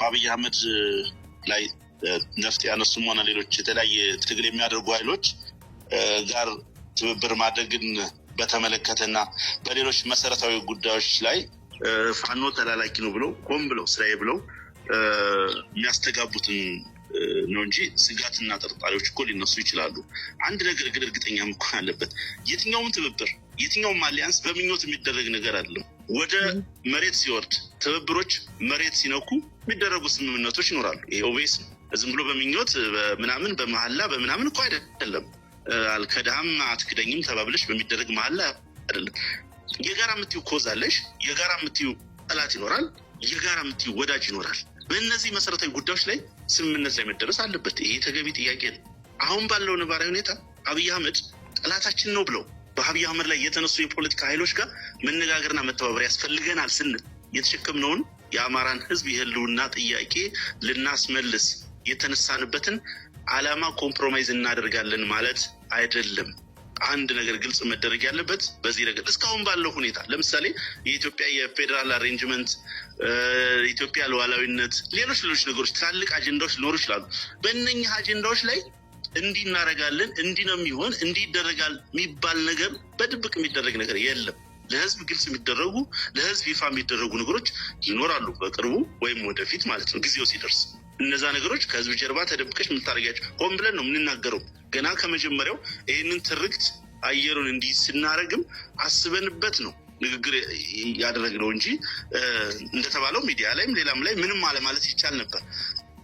በአብይ አህመድ ላይ ነፍጥ ያነሱም ሆነ ሌሎች የተለያየ ትግል የሚያደርጉ ኃይሎች ጋር ትብብር ማድረግን በተመለከተና በሌሎች መሰረታዊ ጉዳዮች ላይ ፋኖ ተላላኪ ነው ብለው ቆም ብለው ስራዬ ብለው የሚያስተጋቡትን ነው እንጂ ስጋትና ጠርጣሪዎች እኮ ሊነሱ ይችላሉ። አንድ ነገር ግን እርግጠኛ ምኳን አለበት። የትኛውም ትብብር፣ የትኛውም አሊያንስ በምኞት የሚደረግ ነገር አይደለም። ወደ መሬት ሲወርድ ትብብሮች መሬት ሲነኩ የሚደረጉ ስምምነቶች ይኖራሉ። ይሄ ኦቤስ ነው። ዝም ብሎ በምኞት ምናምን በመሀላ በምናምን እኮ አይደለም። አልከዳህም አትክደኝም ተባብለሽ በሚደረግ መሀላ አይደለም። የጋራ የምትዩ ኮዝ አለሽ፣ የጋራ የምትዩ ጠላት ይኖራል፣ የጋራ የምትዩ ወዳጅ ይኖራል። በእነዚህ መሰረታዊ ጉዳዮች ላይ ስምምነት ላይ መደረስ አለበት። ይሄ ተገቢ ጥያቄ ነው። አሁን ባለው ነባራዊ ሁኔታ አብይ አህመድ ጠላታችን ነው ብለው በአብይ አህመድ ላይ የተነሱ የፖለቲካ ኃይሎች ጋር መነጋገርና መተባበር ያስፈልገናል ስንል የተሸከምነውን የአማራን ህዝብ የህልውና ጥያቄ ልናስመልስ የተነሳንበትን አላማ ኮምፕሮማይዝ እናደርጋለን ማለት አይደለም። አንድ ነገር ግልጽ መደረግ ያለበት በዚህ ረገድ እስካሁን ባለው ሁኔታ ለምሳሌ የኢትዮጵያ የፌዴራል አሬንጅመንት፣ ኢትዮጵያ ለዋላዊነት ሌሎች ሌሎች ነገሮች ትላልቅ አጀንዳዎች ሊኖሩ ይችላሉ። በእነኛ አጀንዳዎች ላይ እንዲህ እናደርጋለን፣ እንዲህ ነው የሚሆን፣ እንዲህ ይደረጋል የሚባል ነገር በድብቅ የሚደረግ ነገር የለም። ለህዝብ ግልጽ የሚደረጉ ለህዝብ ይፋ የሚደረጉ ነገሮች ይኖራሉ፣ በቅርቡ ወይም ወደፊት ማለት ነው፣ ጊዜው ሲደርስ እነዛ ነገሮች ከህዝብ ጀርባ ተደብቀች የምታደርጊያቸው ሆን ብለን ነው የምንናገረው። ገና ከመጀመሪያው ይህንን ትርክት አየሩን እንዲህ ስናረግም አስበንበት ነው ንግግር ያደረግነው እንጂ እንደተባለው ሚዲያ ላይም ሌላም ላይ ምንም አለማለት ይቻል ነበር።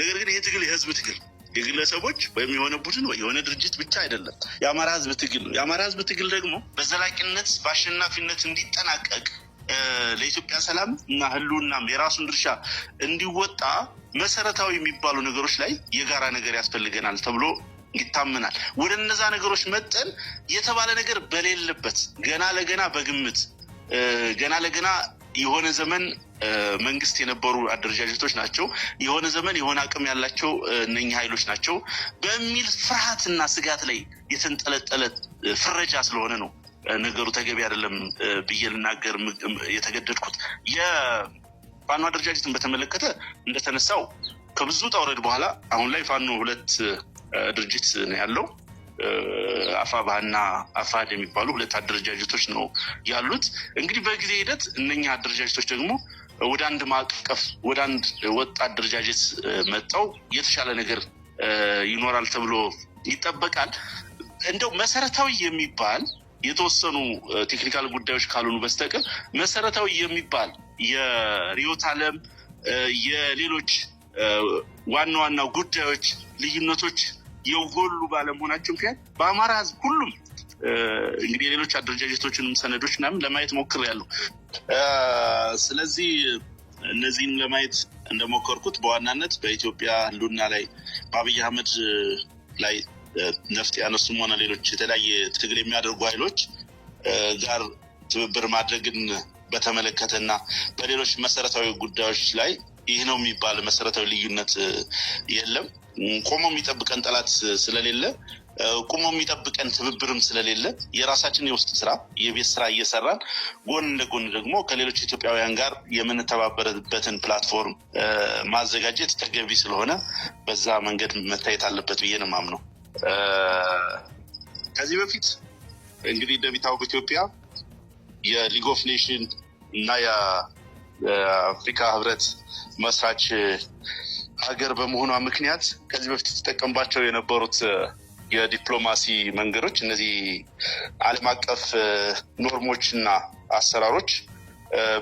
ነገር ግን ይህ ትግል የህዝብ ትግል የግለሰቦች ወይም የሆነ ቡድን ወይ የሆነ ድርጅት ብቻ አይደለም። የአማራ ህዝብ ትግል ነው። የአማራ ህዝብ ትግል ደግሞ በዘላቂነት በአሸናፊነት እንዲጠናቀቅ ለኢትዮጵያ ሰላም እና ህልውናም የራሱን ድርሻ እንዲወጣ መሰረታዊ የሚባሉ ነገሮች ላይ የጋራ ነገር ያስፈልገናል ተብሎ ይታመናል። ወደ እነዛ ነገሮች መጠን የተባለ ነገር በሌለበት ገና ለገና በግምት ገና ለገና የሆነ ዘመን መንግስት የነበሩ አደረጃጀቶች ናቸው። የሆነ ዘመን የሆነ አቅም ያላቸው እነኛ ኃይሎች ናቸው በሚል ፍርሃትና ስጋት ላይ የተንጠለጠለ ፍረጃ ስለሆነ ነው ነገሩ ተገቢ አይደለም ብዬ ልናገር የተገደድኩት። የፋኖ አደረጃጀትን በተመለከተ እንደተነሳው ከብዙ ጣውረድ በኋላ አሁን ላይ ፋኖ ሁለት ድርጅት ነው ያለው። አፋባህና አፋድ የሚባሉ ሁለት አደረጃጀቶች ነው ያሉት። እንግዲህ በጊዜ ሂደት እነኛ አደረጃጀቶች ደግሞ ወደ አንድ ማዕቀፍ ወደ አንድ ወጣት አደረጃጀት መጠው የተሻለ ነገር ይኖራል ተብሎ ይጠበቃል። እንደው መሰረታዊ የሚባል የተወሰኑ ቴክኒካል ጉዳዮች ካልሆኑ በስተቀር መሰረታዊ የሚባል የሪዮት አለም የሌሎች ዋና ዋና ጉዳዮች ልዩነቶች የጎሉ ባለመሆናቸው ምክንያት በአማራ ህዝብ ሁሉም እንግዲህ የሌሎች አደረጃጀቶችንም ሰነዶች ምናምን ለማየት ሞክሬያለሁ። ስለዚህ እነዚህን ለማየት እንደሞከርኩት በዋናነት በኢትዮጵያ ሉና ላይ በአብይ አህመድ ላይ ነፍጥ ያነሱም ሆነ ሌሎች የተለያየ ትግል የሚያደርጉ ኃይሎች ጋር ትብብር ማድረግን በተመለከተና በሌሎች መሰረታዊ ጉዳዮች ላይ ይህ ነው የሚባል መሰረታዊ ልዩነት የለም። ቆሞ የሚጠብቀን ጠላት ስለሌለ ቁሞ የሚጠብቀን ትብብርም ስለሌለ የራሳችን የውስጥ ስራ የቤት ስራ እየሰራን ጎን ጎን ደግሞ ከሌሎች ኢትዮጵያውያን ጋር የምንተባበረበትን ፕላትፎርም ማዘጋጀት ተገቢ ስለሆነ በዛ መንገድ መታየት አለበት ብዬ ነው ከዚህ በፊት እንግዲህ እንደሚታወቅ ኢትዮጵያ የሊግ ኦፍ ኔሽን እና የአፍሪካ ህብረት መስራች ሀገር በመሆኗ ምክንያት ከዚህ በፊት ተጠቀምባቸው የነበሩት የዲፕሎማሲ መንገዶች እነዚህ አለም አቀፍ ኖርሞችና አሰራሮች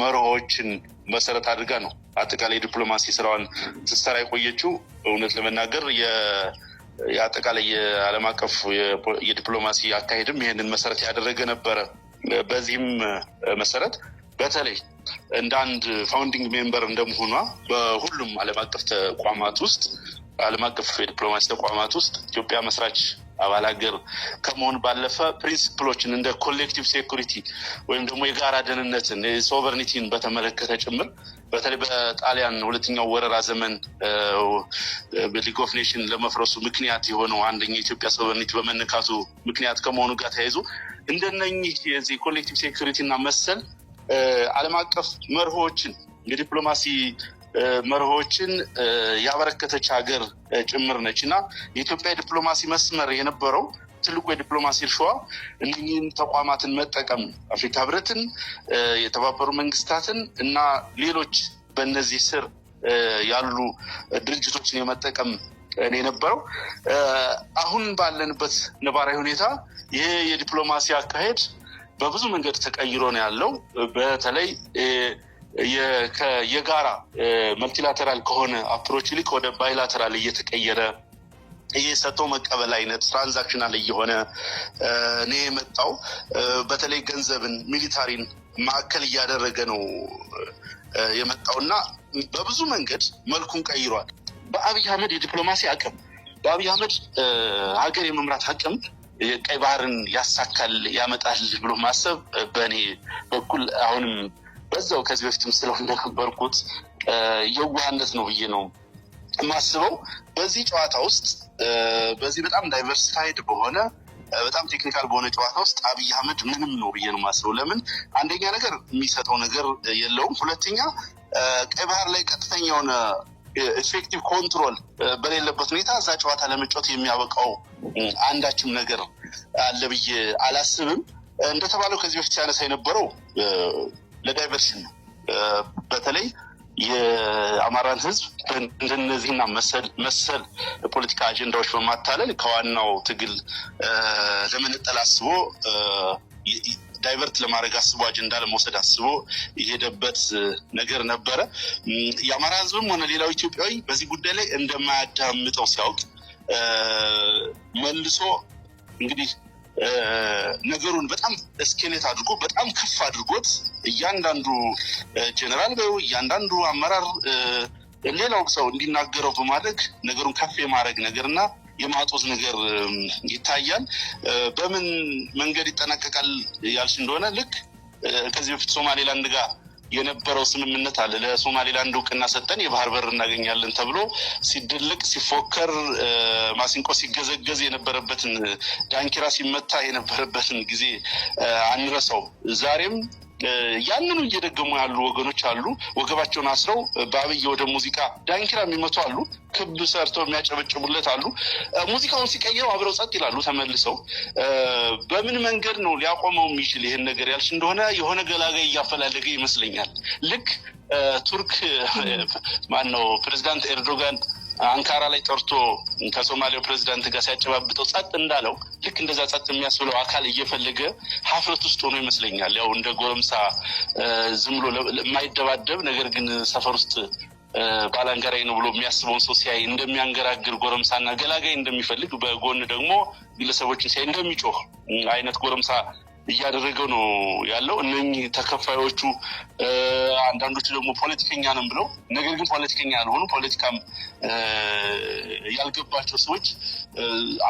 መርሆችን መሰረት አድርጋ ነው አጠቃላይ ዲፕሎማሲ ስራዋን ስትሰራ የቆየችው። እውነት ለመናገር የአጠቃላይ የዓለም አቀፍ የዲፕሎማሲ አካሄድም ይህንን መሰረት ያደረገ ነበረ። በዚህም መሰረት በተለይ እንደ አንድ ፋውንዲንግ ሜምበር እንደመሆኗ በሁሉም አለም አቀፍ ተቋማት ውስጥ ዓለም አቀፍ የዲፕሎማሲ ተቋማት ውስጥ ኢትዮጵያ መስራች አባል ሀገር ከመሆን ባለፈ ፕሪንሲፕሎችን እንደ ኮሌክቲቭ ሴኩሪቲ ወይም ደግሞ የጋራ ደህንነትን ሶቨርኒቲን በተመለከተ ጭምር በተለይ በጣሊያን ሁለተኛው ወረራ ዘመን ሊግ ኦፍ ኔሽን ለመፍረሱ ምክንያት የሆነው አንደኛ የኢትዮጵያ ሶቨርኒቲ በመነካቱ ምክንያት ከመሆኑ ጋር ተያይዞ እንደነኝህ የዚህ ኮሌክቲቭ ሴኩሪቲ እና መሰል አለም አቀፍ መርሆችን የዲፕሎማሲ መርሆችን ያበረከተች ሀገር ጭምር ነች እና የኢትዮጵያ ዲፕሎማሲ መስመር የነበረው ትልቁ የዲፕሎማሲ እርሻዋ እነኝህን ተቋማትን መጠቀም አፍሪካ ህብረትን፣ የተባበሩ መንግስታትን እና ሌሎች በእነዚህ ስር ያሉ ድርጅቶችን የመጠቀም የነበረው አሁን ባለንበት ነባራዊ ሁኔታ ይህ የዲፕሎማሲ አካሄድ በብዙ መንገድ ተቀይሮ ነው ያለው። በተለይ የጋራ መልቲላተራል ከሆነ አፕሮች ይልቅ ወደ ባይላተራል እየተቀየረ ይህ መቀበል አይነት ትራንዛክሽናል እየሆነ እኔ የመጣው በተለይ ገንዘብን ሚሊታሪን ማዕከል እያደረገ ነው የመጣው እና በብዙ መንገድ መልኩን ቀይሯል። በአብይ አህመድ የዲፕሎማሲ አቅም፣ በአብይ አህመድ ሀገር የመምራት አቅም የቀይ ባህርን ያሳካል ያመጣል ብሎ ማሰብ በእኔ በኩል አሁንም በዛው ከዚህ በፊትም ስለው እንደነበርኩት የዋህነት ነው ብዬ ነው የማስበው። በዚህ ጨዋታ ውስጥ በዚህ በጣም ዳይቨርሲፋይድ በሆነ በጣም ቴክኒካል በሆነ ጨዋታ ውስጥ አብይ አህመድ ምንም ነው ብዬ ነው ማስበው ለምን አንደኛ ነገር የሚሰጠው ነገር የለውም፣ ሁለተኛ ቀይ ባህር ላይ ቀጥተኛ የሆነ ኢፌክቲቭ ኮንትሮል በሌለበት ሁኔታ እዛ ጨዋታ ለመጫወት የሚያበቃው አንዳችም ነገር አለ ብዬ አላስብም። እንደተባለው ከዚህ በፊት ሲያነሳ የነበረው ለዳይቨርሽን ነው። በተለይ የአማራን ህዝብ እንደነዚህና መሰል የፖለቲካ አጀንዳዎች በማታለል ከዋናው ትግል ለመነጠል አስቦ ዳይቨርት ለማድረግ አስቦ አጀንዳ ለመውሰድ አስቦ የሄደበት ነገር ነበረ። የአማራ ህዝብም ሆነ ሌላው ኢትዮጵያዊ በዚህ ጉዳይ ላይ እንደማያዳምጠው ሲያውቅ መልሶ እንግዲህ ነገሩን በጣም እስኬሌት አድርጎ በጣም ከፍ አድርጎት እያንዳንዱ ጀኔራል በው እያንዳንዱ አመራር ሌላው ሰው እንዲናገረው በማድረግ ነገሩን ከፍ የማድረግ ነገርና የማጦት ነገር ይታያል። በምን መንገድ ይጠናቀቃል ያልሽ እንደሆነ ልክ ከዚህ በፊት ሶማሌላንድ ጋር የነበረው ስምምነት አለ። ለሶማሌላንድ እውቅና ሰጠን የባህር በር እናገኛለን ተብሎ ሲድልቅ ሲፎከር፣ ማሲንቆ ሲገዘገዝ የነበረበትን ዳንኪራ ሲመታ የነበረበትን ጊዜ አንረሳው። ዛሬም ያንኑ እየደገሙ ያሉ ወገኖች አሉ። ወገባቸውን አስረው በአብይ ወደ ሙዚቃ ዳንኪራ የሚመቱ አሉ። ክብ ሰርተው የሚያጨበጭቡለት አሉ። ሙዚቃውን ሲቀይረው አብረው ጸጥ ይላሉ ተመልሰው። በምን መንገድ ነው ሊያቆመው የሚችል ይህን ነገር ያልሽ እንደሆነ የሆነ ገላጋይ እያፈላለገ ይመስለኛል። ልክ ቱርክ ማን ነው ፕሬዚዳንት ኤርዶጋን አንካራ ላይ ጠርቶ ከሶማሌው ፕሬዚዳንት ጋር ሲያጨባብጠው ጸጥ እንዳለው ልክ እንደዛ ጸጥ የሚያስብለው አካል እየፈለገ ሀፍረት ውስጥ ሆኖ ይመስለኛል። ያው እንደ ጎረምሳ ዝም ብሎ የማይደባደብ ነገር ግን ሰፈር ውስጥ ባላንጋራይ ነው ብሎ የሚያስበውን ሰው ሲያይ እንደሚያንገራግር ጎረምሳና ገላጋይ እንደሚፈልግ በጎን ደግሞ ግለሰቦችን ሲያይ እንደሚጮህ አይነት ጎረምሳ እያደረገው ነው ያለው። እነኚህ ተከፋዮቹ አንዳንዶቹ ደግሞ ፖለቲከኛ ነን ብለው ነገር ግን ፖለቲከኛ ያልሆኑ ፖለቲካም ያልገባቸው ሰዎች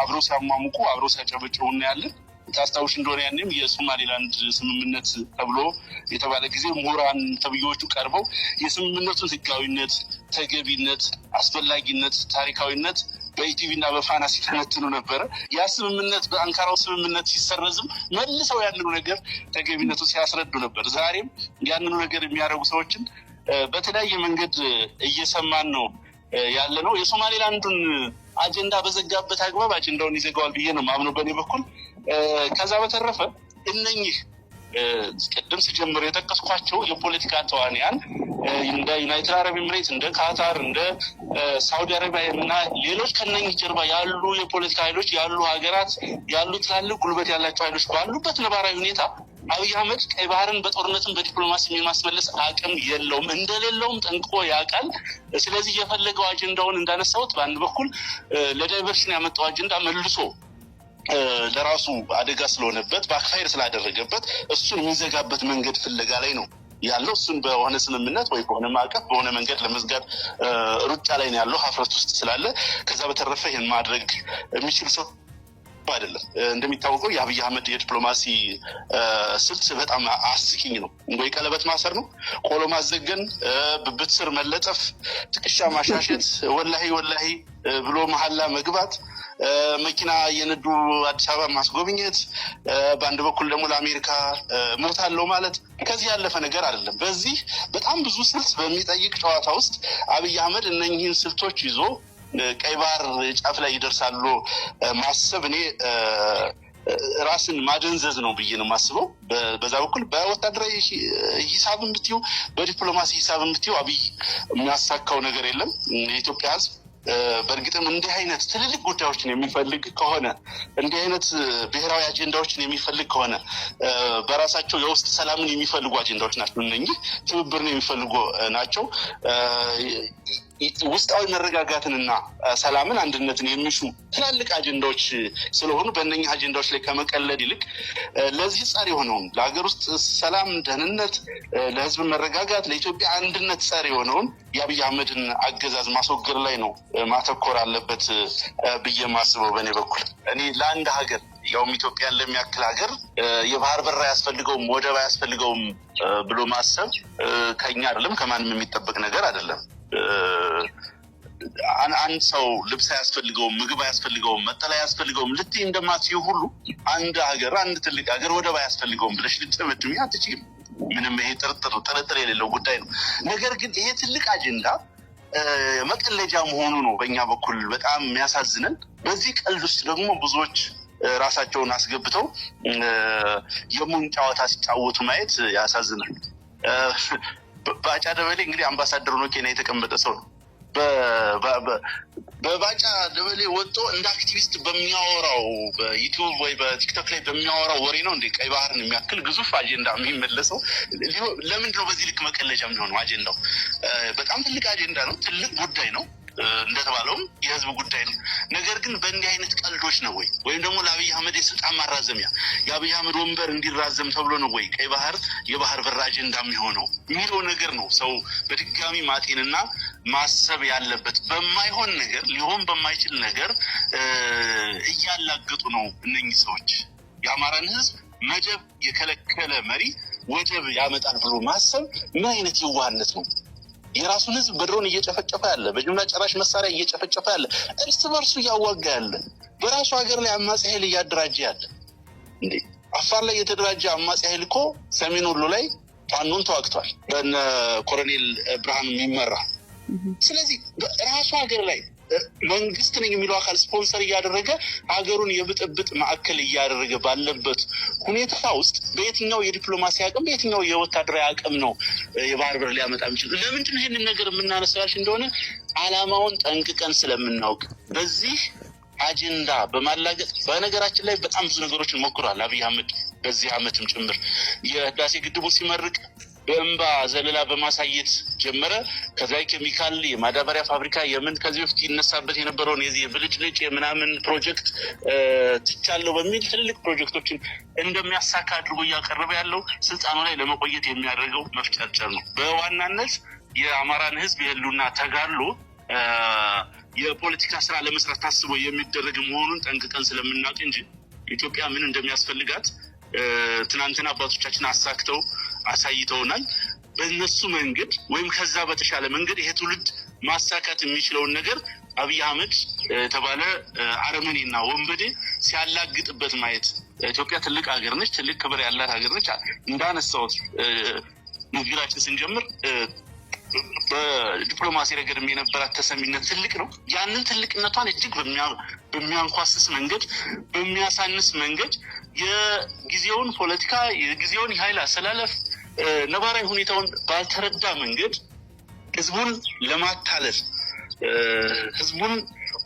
አብረው ሲያሟሙቁ አብረው ሲያጨበጭቡ እናያለን። ታስታውሽ እንደሆነ ያንም የሶማሌላንድ ስምምነት ተብሎ የተባለ ጊዜ ምሁራን ተብዬዎቹ ቀርበው የስምምነቱን ህጋዊነት ተገቢነት፣ አስፈላጊነት፣ ታሪካዊነት በኢቲቪ እና በፋና ሲተነትኑ ነበረ። ያ ስምምነት በአንካራው ስምምነት ሲሰረዝም መልሰው ያንኑ ነገር ተገቢነቱ ሲያስረዱ ነበር። ዛሬም ያንኑ ነገር የሚያደርጉ ሰዎችን በተለያየ መንገድ እየሰማን ነው ያለ ነው የሶማሌላንዱን አጀንዳ በዘጋበት አግባብ አጀንዳውን ይዘጋዋል ብዬ ነው ማምነው በእኔ በኩል። ከዛ በተረፈ እነኚህ ቅድም ስጀምር የጠቀስኳቸው የፖለቲካ ተዋንያን እንደ ዩናይትድ አረብ ኤምሬት፣ እንደ ካታር፣ እንደ ሳውዲ አረቢያ እና ሌሎች ከነኝህ ጀርባ ያሉ የፖለቲካ ኃይሎች ያሉ ሀገራት ያሉ ትላልቅ ጉልበት ያላቸው ኃይሎች ባሉበት ነባራዊ ሁኔታ አብይ አህመድ ቀይ ባህርን በጦርነትም በዲፕሎማሲ የማስመለስ አቅም የለውም፣ እንደሌለውም ጠንቅቆ ያውቃል። ስለዚህ የፈለገው አጀንዳውን እንዳነሳሁት በአንድ በኩል ለዳይቨርሽን ያመጣው አጀንዳ መልሶ ለራሱ አደጋ ስለሆነበት በአክፋይር ስላደረገበት እሱን የሚዘጋበት መንገድ ፍለጋ ላይ ነው ያለው እሱን በሆነ ስምምነት ወይ በሆነ ማዕቀፍ በሆነ መንገድ ለመዝጋት ሩጫ ላይ ነው ያለው ሀፍረት ውስጥ ስላለ ከዛ በተረፈ ይህን ማድረግ የሚችል ሰው አይደለም። እንደሚታወቀው የአብይ አህመድ የዲፕሎማሲ ስልት በጣም አስቂኝ ነው። ወይ ቀለበት ማሰር ነው፣ ቆሎ ማዘገን፣ ብብት ስር መለጠፍ፣ ትከሻ ማሻሸት፣ ወላሂ ወላሂ ብሎ መሀላ መግባት፣ መኪና የነዱ አዲስ አበባ ማስጎብኘት፣ በአንድ በኩል ደግሞ ለአሜሪካ ሞታለው ማለት ከዚህ ያለፈ ነገር አይደለም። በዚህ በጣም ብዙ ስልት በሚጠይቅ ጨዋታ ውስጥ አብይ አህመድ እነኝህን ስልቶች ይዞ ቀይ ባህር ጫፍ ላይ ይደርሳሉ ማሰብ እኔ ራስን ማደንዘዝ ነው ብዬ ነው ማስበው በዛ በኩል በወታደራዊ ሂሳብ የምትው በዲፕሎማሲ ሂሳብ የምትው አብይ የሚያሳካው ነገር የለም። የኢትዮጵያ ህዝብ በእርግጥም እንዲህ አይነት ትልልቅ ጉዳዮችን የሚፈልግ ከሆነ እንዲህ አይነት ብሔራዊ አጀንዳዎችን የሚፈልግ ከሆነ በራሳቸው የውስጥ ሰላምን የሚፈልጉ አጀንዳዎች ናቸው እነኚህ፣ ትብብርን የሚፈልጉ ናቸው። ውስጣዊ መረጋጋትንና ሰላምን፣ አንድነትን የሚሹ ትላልቅ አጀንዳዎች ስለሆኑ በነኛ አጀንዳዎች ላይ ከመቀለድ ይልቅ ለዚህ ጸር የሆነውን ለሀገር ውስጥ ሰላም፣ ደህንነት፣ ለህዝብ መረጋጋት፣ ለኢትዮጵያ አንድነት ጸር የሆነውን የአብይ አህመድን አገዛዝ ማስወገድ ላይ ነው ማተኮር አለበት ብዬ ማስበው በእኔ በኩል እኔ ለአንድ ሀገር ያውም ኢትዮጵያን ለሚያክል ሀገር የባህር በር አያስፈልገውም፣ ወደብ አያስፈልገውም ብሎ ማሰብ ከኛ አይደለም ከማንም የሚጠበቅ ነገር አይደለም። አንድ ሰው ልብስ አያስፈልገውም፣ ምግብ አያስፈልገውም፣ መጠለያ አያስፈልገውም ልትይ እንደማትይው ሁሉ አንድ ሀገር፣ አንድ ትልቅ ሀገር ወደብ አያስፈልገውም ብለሽ ልትደመድሚ አትችይም። ምንም ይሄ ጥርጥር ጥርጥር የሌለው ጉዳይ ነው። ነገር ግን ይሄ ትልቅ አጀንዳ መቀለጃ መሆኑ ነው በእኛ በኩል በጣም የሚያሳዝነን። በዚህ ቀልድ ውስጥ ደግሞ ብዙዎች ራሳቸውን አስገብተው የሙን ጨዋታ ሲጫወቱ ማየት ያሳዝናል። ባጫ ደበሌ እንግዲህ አምባሳደር ነው ኬንያ የተቀመጠ ሰው ነው። በባጫ ደበሌ ወጥቶ እንደ አክቲቪስት በሚያወራው በዩቲዩብ ወይ በቲክቶክ ላይ በሚያወራው ወሬ ነው እንዴ ቀይ ባህርን የሚያክል ግዙፍ አጀንዳ የሚመለሰው። ለምንድነው በዚህ ልክ መቀለጃ የሚሆነው? አጀንዳው በጣም ትልቅ አጀንዳ ነው፣ ትልቅ ጉዳይ ነው። እንደተባለውም የህዝብ ጉዳይ ነው። ነገር ግን በእንዲህ አይነት ቀልዶች ነው ወይ ወይም ደግሞ ለአብይ አህመድ የስልጣን ማራዘሚያ የአብይ አህመድ ወንበር እንዲራዘም ተብሎ ነው ወይ ቀይ ባህር የባህር በር አጀንዳ የሚሆነው የሚለው ነገር ነው ሰው በድጋሚ ማጤንና ማሰብ ያለበት። በማይሆን ነገር ሊሆን በማይችል ነገር እያላገጡ ነው እነኚህ ሰዎች የአማራን ህዝብ መደብ የከለከለ መሪ ወደብ ያመጣል ብሎ ማሰብ ምን አይነት የዋህነት ነው? የራሱን ህዝብ በድሮን እየጨፈጨፈ ያለ፣ በጅምላ ጨራሽ መሳሪያ እየጨፈጨፈ ያለ፣ እርስ በርሱ እያዋጋ ያለ፣ በራሱ ሀገር ላይ አማጺ ኃይል እያደራጀ ያለ እንዴ አፋር ላይ የተደራጀ አማጺ ኃይል እኮ ሰሜን ወሎ ላይ ፋኖን ተዋግቷል፣ በነ ኮሎኔል ብርሃኑ የሚመራ ስለዚህ ራሱ ሀገር ላይ መንግስት ነኝ የሚለው አካል ስፖንሰር እያደረገ ሀገሩን የብጥብጥ ማዕከል እያደረገ ባለበት ሁኔታ ውስጥ በየትኛው የዲፕሎማሲ አቅም በየትኛው የወታደራዊ አቅም ነው የባህር በር ሊያመጣ የሚችል? ለምንድን ይህንን ነገር የምናነሳው ያልሽ እንደሆነ አላማውን ጠንቅቀን ስለምናውቅ በዚህ አጀንዳ በማላገጥ በነገራችን ላይ በጣም ብዙ ነገሮችን ሞክሯል አብይ አህመድ በዚህ አመትም ጭምር የህዳሴ ግድቡ ሲመርቅ በእንባ ዘለላ በማሳየት ጀመረ። ከዛ ኬሚካል የማዳበሪያ ፋብሪካ የምን ከዚህ በፊት ይነሳበት የነበረውን የዚህ የብልጭልጭ የምናምን ፕሮጀክት ትቻለሁ በሚል ትልልቅ ፕሮጀክቶችን እንደሚያሳካ አድርጎ እያቀረበ ያለው ስልጣኑ ላይ ለመቆየት የሚያደርገው መፍጨርጨር ነው። በዋናነት የአማራን ህዝብ የህሉና ተጋድሎ የፖለቲካ ስራ ለመስራት ታስቦ የሚደረግ መሆኑን ጠንቅቀን ስለምናውቅ እንጂ ኢትዮጵያ ምን እንደሚያስፈልጋት ትናንትና አባቶቻችን አሳክተው አሳይተውናል። በእነሱ መንገድ ወይም ከዛ በተሻለ መንገድ ይሄ ትውልድ ማሳካት የሚችለውን ነገር አብይ አህመድ የተባለ አረመኔና ወንበዴ ሲያላግጥበት ማየት። ኢትዮጵያ ትልቅ ሀገር ነች፣ ትልቅ ክብር ያላት ሀገር ነች። እንዳነሳሁት ንግግራችን ስንጀምር በዲፕሎማሲ ረገድ የነበራት ተሰሚነት ትልቅ ነው። ያንን ትልቅነቷን እጅግ በሚያንኳስስ መንገድ፣ በሚያሳንስ መንገድ የጊዜውን ፖለቲካ የጊዜውን የኃይል አሰላለፍ ነባራዊ ሁኔታውን ባልተረዳ መንገድ ህዝቡን ለማታለል ህዝቡን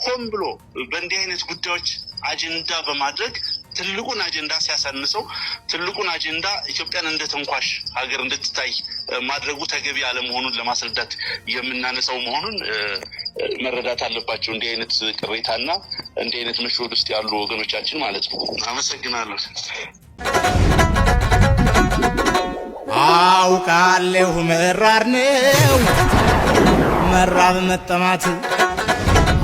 ሆን ብሎ በእንዲህ አይነት ጉዳዮች አጀንዳ በማድረግ ትልቁን አጀንዳ ሲያሳንሰው፣ ትልቁን አጀንዳ ኢትዮጵያን እንደ ተንኳሽ ሀገር እንድትታይ ማድረጉ ተገቢ አለመሆኑን ለማስረዳት የምናነሳው መሆኑን መረዳት አለባቸው። እንዲህ አይነት ቅሬታና እንዲህ አይነት መሾድ ውስጥ ያሉ ወገኖቻችን ማለት ነው። አመሰግናለሁ። አውቃለሁ መራር ነው መራብ መጠማት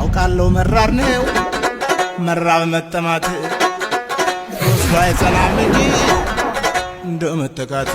አውቃለሁ መራር ነው መራብ መጠማት እሱ አይጸናም እንጂ እንደ መጠቃት